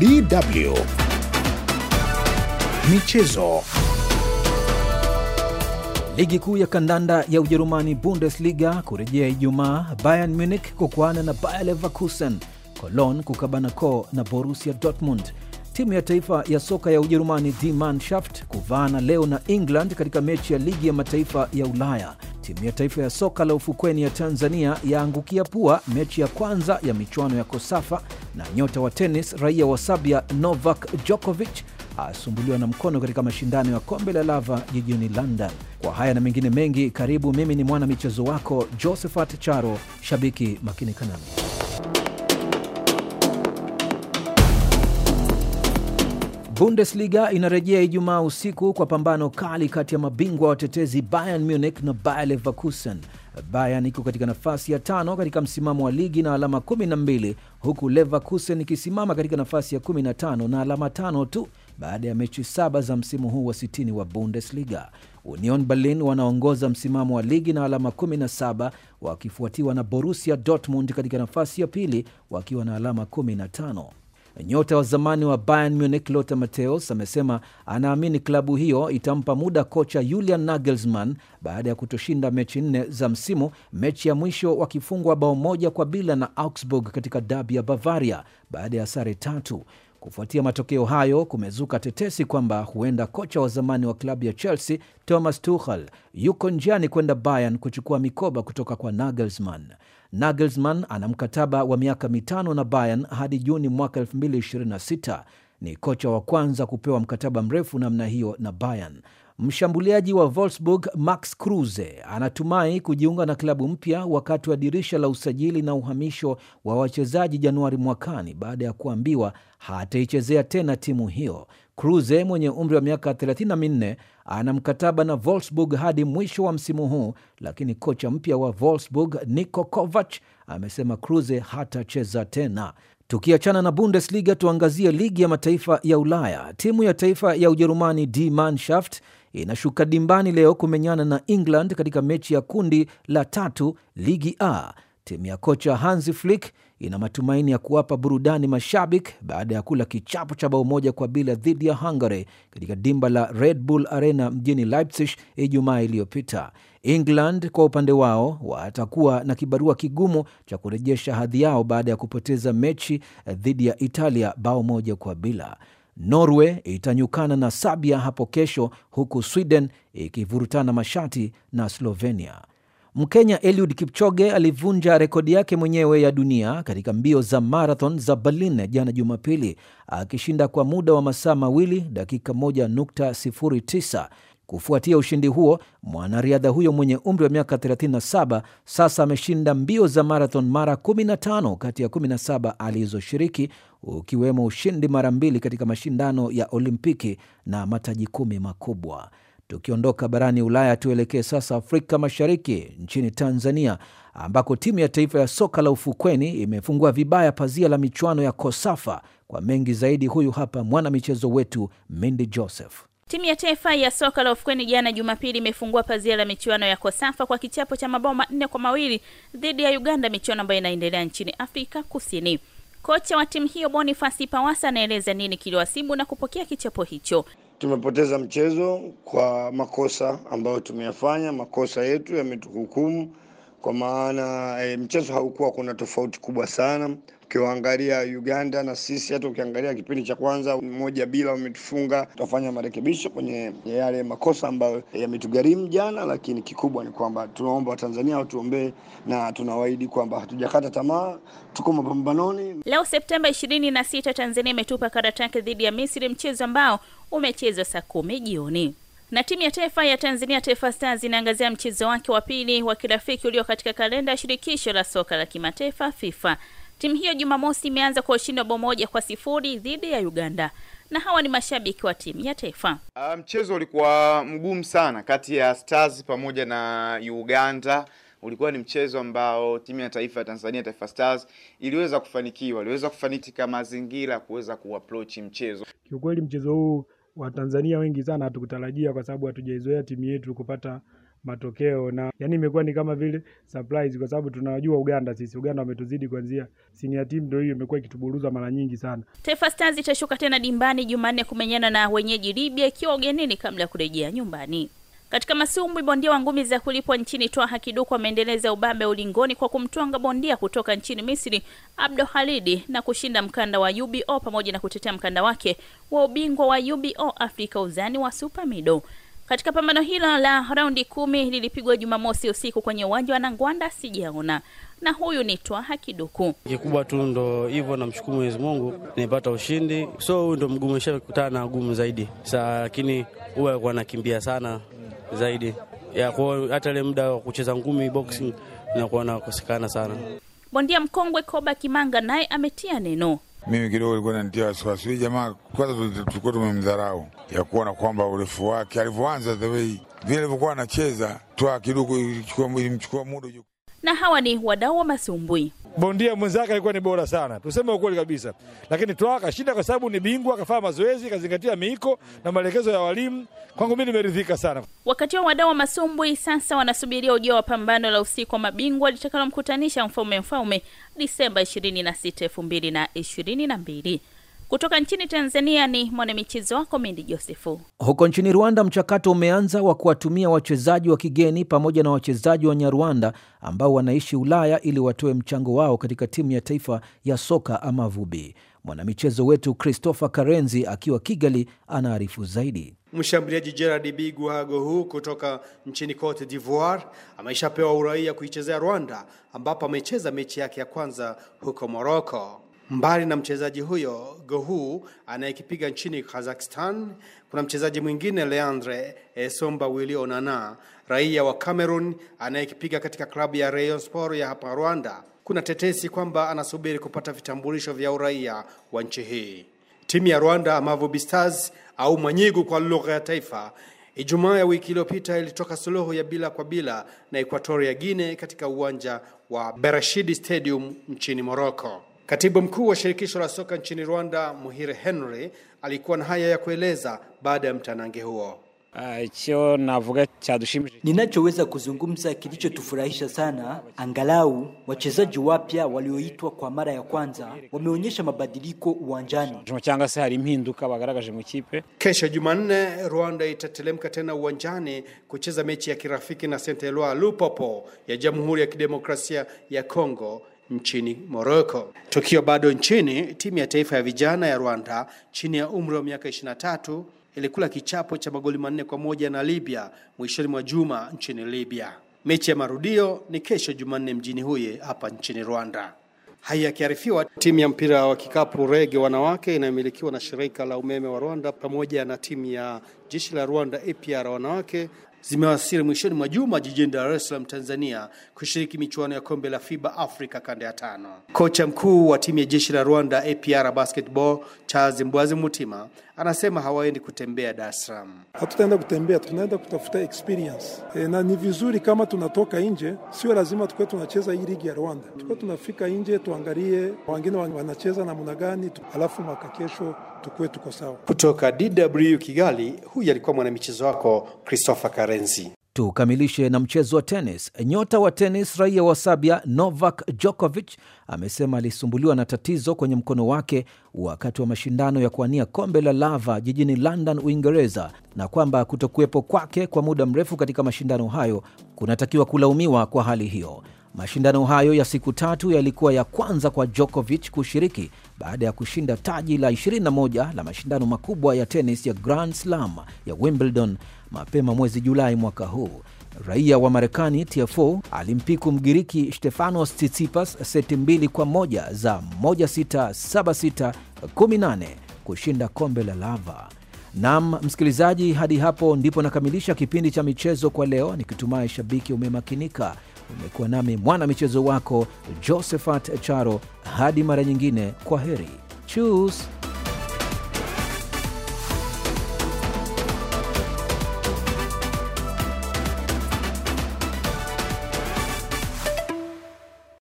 DW Michezo. Ligi kuu ya kandanda ya Ujerumani Bundesliga kurejea Ijumaa, Bayern Munich kukuana na Bayer Leverkusen, Cologne kukabana ko na Borussia Dortmund. Timu ya taifa ya soka ya Ujerumani Die Mannschaft kuvaana leo na England katika mechi ya ligi ya mataifa ya Ulaya. Timu ya taifa ya soka la ufukweni ya Tanzania yaangukia pua mechi ya kwanza ya michuano ya Kosafa, na nyota wa tenis raia wa Sabia Novak jokovich asumbuliwa na mkono katika mashindano ya kombe la lava jijini London. Kwa haya na mengine mengi, karibu. Mimi ni mwana michezo wako Josephat Charo, shabiki makini kanani Bundesliga inarejea Ijumaa usiku kwa pambano kali kati ya mabingwa watetezi Bayern Munich na Bayer Leverkusen. Bayern iko katika nafasi ya tano katika msimamo wa ligi na alama 12 huku Leverkusen ikisimama katika nafasi ya 15 na alama tano tu baada ya mechi saba za msimu huu wa 60 wa Bundesliga. Union Berlin wanaongoza msimamo wa ligi na alama 17 wakifuatiwa na Borussia Dortmund katika nafasi ya pili wakiwa na alama 15. Nyota wa zamani wa Bayern Munich Lothar mateos amesema anaamini klabu hiyo itampa muda kocha Julian Nagelsmann baada ya kutoshinda mechi nne za msimu, mechi ya mwisho wakifungwa bao moja kwa bila na Augsburg katika dabi ya Bavaria baada ya sare tatu. Kufuatia matokeo hayo, kumezuka tetesi kwamba huenda kocha wa zamani wa klabu ya Chelsea Thomas Tuchel yuko njiani kwenda Bayern kuchukua mikoba kutoka kwa Nagelsmann. Nagelsmann ana mkataba wa miaka mitano na Bayern hadi Juni mwaka 2026. Ni kocha wa kwanza kupewa mkataba mrefu namna hiyo na Bayern. Mshambuliaji wa Wolfsburg Max Kruse anatumai kujiunga na klabu mpya wakati wa dirisha la usajili na uhamisho wa wachezaji Januari mwakani baada ya kuambiwa hataichezea tena timu hiyo kruze mwenye umri wa miaka 34 ana mkataba na volsburg hadi mwisho wa msimu huu, lakini kocha mpya wa volsburg Niko kovach amesema kruze hatacheza tena. Tukiachana na Bundesliga, tuangazie ligi ya mataifa ya Ulaya. Timu ya taifa ya Ujerumani d manshaft inashuka dimbani leo kumenyana na England katika mechi ya kundi la tatu ligi A timu ya kocha Hansi Flick ina matumaini ya kuwapa burudani mashabiki baada ya kula kichapo cha bao moja kwa bila dhidi ya Hungary katika dimba la Red Bull Arena mjini Leipzig Ijumaa iliyopita. England kwa upande wao watakuwa na kibarua kigumu cha kurejesha hadhi yao baada ya kupoteza mechi dhidi ya Italia bao moja kwa bila. Norway itanyukana na Sabia hapo kesho, huku Sweden ikivurutana mashati na Slovenia. Mkenya Eliud Kipchoge alivunja rekodi yake mwenyewe ya dunia katika mbio za marathon za Berlin jana Jumapili, akishinda kwa muda wa masaa mawili dakika 1.09. Kufuatia ushindi huo, mwanariadha huyo mwenye umri wa miaka 37 sasa ameshinda mbio za marathon mara 15 kati ya 17 alizoshiriki, ukiwemo ushindi mara mbili katika mashindano ya Olimpiki na mataji kumi makubwa. Tukiondoka barani Ulaya, tuelekee sasa Afrika Mashariki, nchini Tanzania, ambako timu ya taifa ya soka la ufukweni imefungua vibaya pazia la michuano ya KOSAFA. Kwa mengi zaidi, huyu hapa mwanamichezo wetu Mindi Joseph. Timu ya taifa ya soka la ufukweni jana Jumapili imefungua pazia la michuano ya KOSAFA kwa kichapo cha mabao manne kwa mawili dhidi ya Uganda, michuano ambayo inaendelea nchini Afrika Kusini. Kocha wa timu hiyo Bonifasi Pawasa anaeleza nini kiliwasibu na kupokea kichapo hicho. Tumepoteza mchezo kwa makosa ambayo tumeyafanya, makosa yetu yametuhukumu kwa maana e, mchezo haukuwa kuna tofauti kubwa sana ukiwaangalia Uganda na sisi, hata ukiangalia kipindi cha kwanza moja bila umetufunga. Tutafanya marekebisho kwenye yale makosa ambayo yametugharimu jana, lakini kikubwa ni kwamba tunaomba Watanzania watuombee na tunawaidi kwamba hatujakata tamaa, tuko mapambanoni. Leo Septemba 26 Tanzania imetupa karata dhidi ya Misri, mchezo ambao umechezwa saa kumi jioni. Na timu ya taifa ya Tanzania Taifa Stars inaangazia mchezo wake wa pili wa kirafiki ulio katika kalenda ya shirikisho la soka la kimataifa FIFA. Timu hiyo Jumamosi imeanza kwa ushindi wa bao moja kwa sifuri dhidi ya Uganda, na hawa ni mashabiki wa timu ya taifa. Ah, mchezo um, ulikuwa mgumu sana kati ya Stars pamoja na Uganda ulikuwa ni mchezo ambao timu ya taifa ya Tanzania Taifa Stars iliweza kufanikiwa, iliweza kufanitika mazingira kuweza kuapproach mchezo. Kiukweli mchezo huu Watanzania wengi sana hatukutarajia kwa sababu hatujaizoea timu yetu kupata matokeo, na yani imekuwa ni kama vile surprise, kwa sababu tunajua Uganda sisi. Uganda wametuzidi kuanzia senior team, ndio hiyo imekuwa ikituburuza mara nyingi sana. Taifa Stars itashuka tena dimbani Jumanne kumenyana na wenyeji Libya, ikiwa ugenini kabla ya kurejea nyumbani. Katika masumbwi, bondia wa ngumi za kulipwa nchini Twaha Kiduku ameendeleza ubabe ulingoni kwa kumtwanga bondia kutoka nchini Misri Abdo Halidi na kushinda mkanda wa UBO pamoja na kutetea mkanda wake wa ubingwa wa UBO Afrika uzani wa super mido. Katika pambano hilo la raundi kumi lilipigwa Jumamosi usiku kwenye uwanja wa Nangwanda sijaona na huyu ni Twaha Kiduku. Kikubwa tu ndo hivyo, namshukuru Mwenyezi Mungu nimepata ushindi. So huyu ndo mgumu, ishakutana na gumu zaidi saa, lakini huwa alikuwa anakimbia sana zaidi ya kwa hata ile muda wa kucheza ngumi boxing inakuwa nakosekana sana. Bondia mkongwe Koba Kimanga naye ametia neno. Mimi kidogo ilikuwa inanitia wasiwasi hii jamaa. Kwanza tulikuwa tumemdharau ya kuona kwamba urefu wake alivyoanza the way vile alivyokuwa anacheza, twaa kiduku ilimchukua muda na hawa ni wadau wa masumbwi. Bondia mwenzake alikuwa ni bora sana, tuseme ukweli kabisa, lakini twa kashinda kwa sababu ni bingwa, akafanya mazoezi, kazingatia miiko na maelekezo ya walimu. Kwangu mimi nimeridhika sana. Wakati wa wadau wa masumbwi sasa wanasubiria ujio wa pambano la usiku wa mabingwa litakalomkutanisha mfalme mfalme Disemba 26, 2022. Kutoka nchini Tanzania ni mwanamichezo wako Mindi Josefu. Huko nchini Rwanda, mchakato umeanza wa kuwatumia wachezaji wa kigeni pamoja na wachezaji wa Nyarwanda ambao wanaishi Ulaya ili watoe mchango wao katika timu ya taifa ya soka ama vubi. Mwanamichezo wetu Christopher Karenzi akiwa Kigali anaarifu zaidi. Mshambuliaji Gerard Bigwa huu kutoka nchini Cote divoir ameshapewa uraia kuichezea Rwanda, ambapo amecheza mechi yake ya kwanza huko Morocco. Mbali na mchezaji huyo Gohu anayekipiga nchini Kazakhstan, kuna mchezaji mwingine Leandre Esomba willi Onana, raia wa Cameroon anayekipiga katika klabu ya Rayon Sport ya hapa Rwanda. Kuna tetesi kwamba anasubiri kupata vitambulisho vya uraia wa nchi hii. Timu ya Rwanda Mavubi Stars au Mwanyigu kwa lugha ya taifa, Ijumaa ya wiki iliyopita ilitoka suluhu ya bila kwa bila na Equatoria Guinea katika uwanja wa berashidi Stadium nchini Morocco. Katibu mkuu wa shirikisho la soka nchini Rwanda, Muhire Henry, alikuwa na haya ya kueleza baada ya mtanange huo. Ah, Ninachoweza kuzungumza kilichotufurahisha sana, angalau wachezaji wapya walioitwa kwa mara ya kwanza wameonyesha mabadiliko uwanjani. Kesho Jumanne, Rwanda itatelemka tena uwanjani kucheza mechi ya kirafiki na Saint Eloi Lupopo ya Jamhuri ya Kidemokrasia ya Kongo nchini Morocco. Tukiwa bado nchini, timu ya taifa ya vijana ya Rwanda chini ya umri wa miaka 23 ilikula kichapo cha magoli manne kwa moja na Libya mwishoni mwa juma nchini Libya. Mechi ya marudio ni kesho Jumanne mjini Huye hapa nchini Rwanda. Haya yakiarifiwa, timu ya mpira wa kikapu Rege wanawake inayomilikiwa na shirika la umeme wa Rwanda pamoja na timu ya jeshi la Rwanda APR wanawake zimewasili mwishoni mwa juma jijini Dar es Salaam, Tanzania, kushiriki michuano ya kombe la FIBA Afrika kanda ya tano. Kocha mkuu wa timu ya jeshi la Rwanda APR Basketball Charles Mbwazi Mutima anasema hawaendi kutembea Dar es Salaam. Hatutaenda kutembea, tunaenda kutafuta experience e, na ni vizuri kama tunatoka nje, sio lazima tukuwe tunacheza hii ligi ya Rwanda, tukuwe tunafika nje tuangalie wengine wanacheza namna gani, alafu mwaka kesho tukuwe tuko sawa. Kutoka DW Kigali, huyu alikuwa mwanamichezo wako Christopher Karenzi. Tukamilishe na mchezo wa tenis. Nyota wa tenis raia wa Sabia Novak Djokovic amesema alisumbuliwa na tatizo kwenye mkono wake wakati wa mashindano ya kuania kombe la lava jijini London, Uingereza, na kwamba kutokuwepo kwake kwa muda mrefu katika mashindano hayo kunatakiwa kulaumiwa kwa hali hiyo. Mashindano hayo ya siku tatu yalikuwa ya kwanza kwa Djokovic kushiriki baada ya kushinda taji la 21 la mashindano makubwa ya tenis ya Grand Slam ya Wimbledon mapema mwezi Julai mwaka huu. Raia wa Marekani Tiafoe alimpiku Mgiriki Stefanos Tsitsipas seti mbili kwa moja za 1676 18 kushinda kombe la Lava. Nam msikilizaji, hadi hapo ndipo nakamilisha kipindi cha michezo kwa leo, nikitumai shabiki umemakinika. Umekuwa nami mwana michezo wako Josephat Charo. Hadi mara nyingine, kwa heri, chus.